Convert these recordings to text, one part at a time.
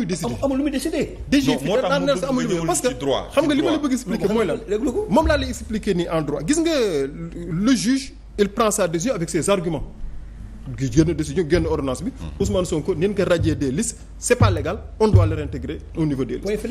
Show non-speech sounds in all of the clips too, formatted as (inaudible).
kuy décider amul lu muy décider. DG fii daan na amul lu parce que xam nga sa décision euh, avec ses arguments. gi génn décision génn ordonnance bi. Hmm. Ousmane Sonko nañ ko radier des listes c'est pas légal on doit le réintégrer au niveau des listes.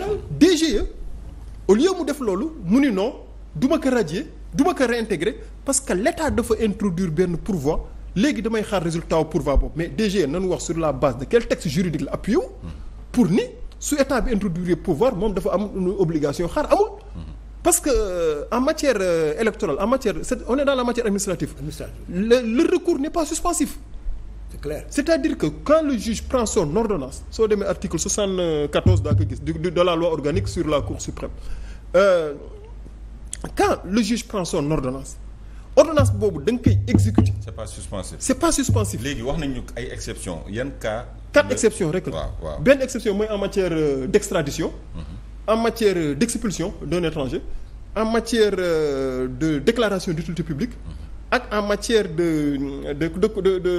E, mu def loolu mu ni non du ma ko radier du ma ko réintégrer parce que l'État dafa introduire benn pourvoi léegi damay xaar résultat wu pourvoi boobu mais DGE nañu wax sur la base de quel texte juridique la appuyé wu. Hmm. pour ni su état bi introduire pouvoir moom dafa am obligation xaar amul. parce que euh, en matière euh, électorale en matière c'est on est dans la matière administrative. administrative le le recours n'est pas suspensif. c'est à dire que quand le juge prend son soo demee article 74 daa ko gis de la loi organique sur la Cour suprême euh, quand le juge prend son ordonnance boobu da nga koy exécuter. c'est pas suspensif c'est pas suspensif. léegi wax nañu ay exceptions yan cas. quatre exceptions rek la waaw benn exception mooy en matière euh, d'extradition. Mhm. en matière euh, d'expulsion d'un étranger. en matière euh, de déclaration d'utilité publique. Mhm. ak en matière de de de de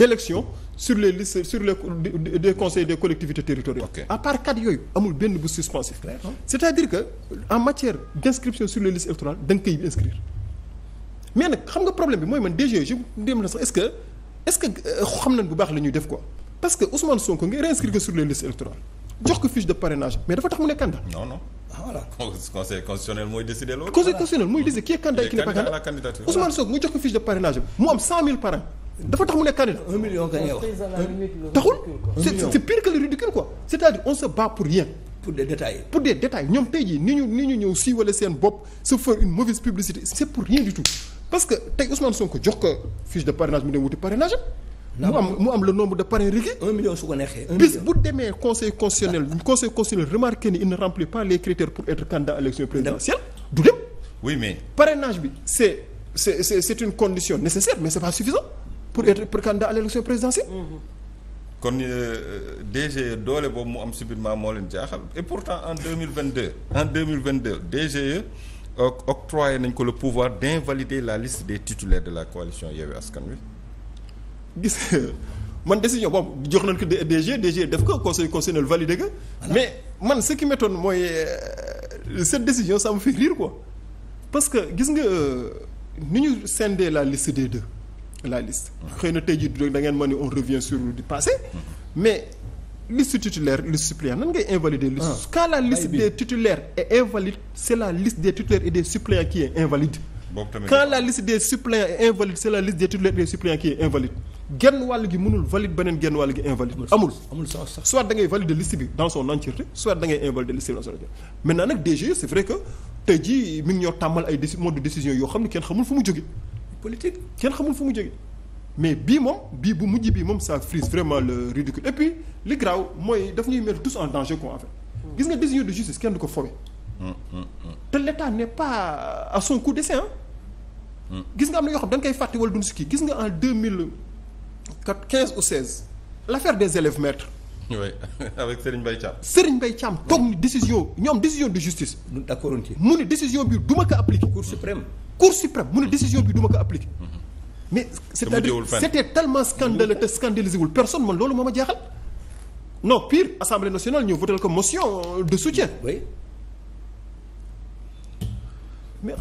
d'élection sur les à part quatre yooyu amul que en matière d'inscription sur les listes électorales koy inscrire. mais nag xam nga problème bi mooy man DG je dem na sax est-ce euh, xam nañ bu baax la def quoi parce que Ousmane Sonko nga réinscrire ko sur les listes électorales jox ko fiche de parrainage mais dafa tax mu nekk candidat. non non ah, voilà. (laughs) mooy décider loolu. conseil constitutionnel mooy jox ko fiche de parrainage mu am 100000 parrains dafa tax mu nekk candidat. taxul. c'est c'est pire que ridicule quoi. c'est-à-dire on se bat pour rien. pour des détails pour des détails ñoom tey jii ni ñu ni ñu ñëw siiwale seen bopp se parce que tey Ousmane Sonko jox ko fiche de parrainage mu dem wuti parrainage mu am mu am le nombre de parrain requis. un bu demee conseil constitutionnel conseil constitutionnel remarqué ni il ne remplit pas les critères pour être candidat à l'élection présidentielle du dem. oui mais parrainage bi c'est c'est une condition nécessaire mais c'est pas suffisant pour être candidat à l'élection présidentielle. Mm-hmm. kon euh, DGE doole boobu mu am subitement moo leen jaaxal et pourtant en deux mille vingt deux en deux mille vingt deux DGE. octroyé nañ ko le pouvoir d'invalider la liste des titulaires de la coalition Yewwi Askan Wi gis man décision boobu jox nañ ko DG DG def ko conseil constitutionnel validé ko mais man ce qui m'étonne mooy euh, cette décision ça me fait rire quoi parce que gis nga euh, ni ñu scindé la liste des deux la liste xëy na tey jii da ngeen ma ni on revient sur du passé mm-hmm. mais liste titulaire liste suppléant nan ngay invalider liste ah. quand la liste des titulaires est invalide c'est la liste des titulaires et des suppléants qui est invalide quand la liste des suppléants est c'est la liste des titulaires et des suppléants qui est invalide genn wàll gi mënul valide beneen genn wàll gi invalide amul amul soit da ngay valider bi dans son entièreté soit da ngay invalider liste bi dans son entièreté maintenant nag DG c'est vrai que tey jii mi ngi ñoo tàmmal ay déci xam ne kenn xamul fu mu mais bii moom bii bu mujj bii moom ça frise vraiment le ridicule et puis li graaw mooy daf ñuy mettre tous en danger quoi en fait gis nga décision de justice kenn du ko fowe te l'état n'est pas à son coup d'essai gis nga am na yoo xam dañ koy fàtte wala duñ si kii gis nga en deux mille quatre quinze ou seize l'affaire des élèves maîtres oui (laughs) avec Serigne Mbaye Thiam. Serigne Mbaye Thiam toog ni décision ñoom décision de justice. d'accord mu ne décision bi du ma ko appliquer. Cour suprême. Cour bi du ko appliquer. mais c'est-à-dire c'était tellement scandaleux te scandalisé wul personne man loolu moo ma jaaxal non pire assemblée nationale ñoo voté ko motion de soutien. mais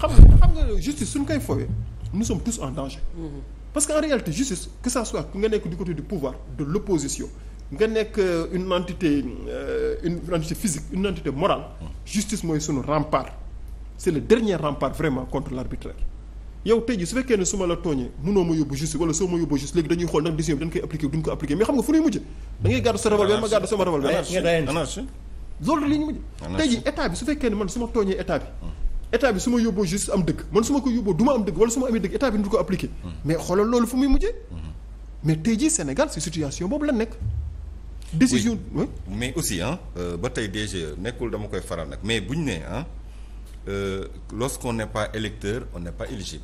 xam nga xam nga justice suñ koy foowee nous sommes tous en danger. Mm-hmm. parce que en réalité justice que ça soit nga nekk du côté du pouvoir de l'opposition nga nekk euh, une entité euh, une entité physique une entité morale mm. justice mooy sunu rempart c'est le dernier rempart vraiment contre l'arbitraire yow tey ji su fekkee ne su ma la tooñee mënoo ma yóbbu justice wala soo ma yóbbu justice léegi dañuy xool ndax décision bi dañ koy appliqué duñ ñu état su fekkee ne man su ma tooñee état bi état bi su ma yóbboo am dëgg man su ko yóbboo du ma am dëgg wala su ma amee dëgg état bi du ko appliqué mais xoolal loolu fu muy mujjee mais tey ji Sénégal si situation boobu la nekk décision oui. mais aussi ah ba tey DGE nekkul dama koy faral nag mais bu ñu nee ah on ne pas électeur on n'est pas éligible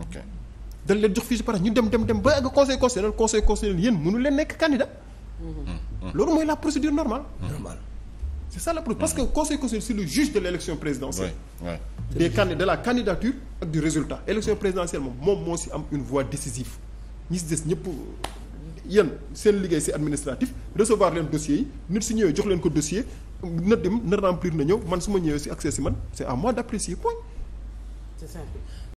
ok leen jox fiche de parrainage ñu dem dem dem ba ak conseil constitutionnel conseil constitutionnel yéen mënu leen nekk candidat mm-hmm. loolu mooy la procédure normale mm-hmm. normal c'est ça la procédure parce que mm-hmm. conseil constitutionnel c'est le juge de l'élection présidentielle des candidats de la candidature ak du résultat élection présidentielle moom moom moo si am une voix décisive ñi si des ñëpp yéen seen liggéey si administratif recevoir leen dossiers yi nit si ñëwee jox leen ko dossier na dem na remplir na ñëw man su ma ñëwee si accès si man c'est à moi d'apprécier point c'est ça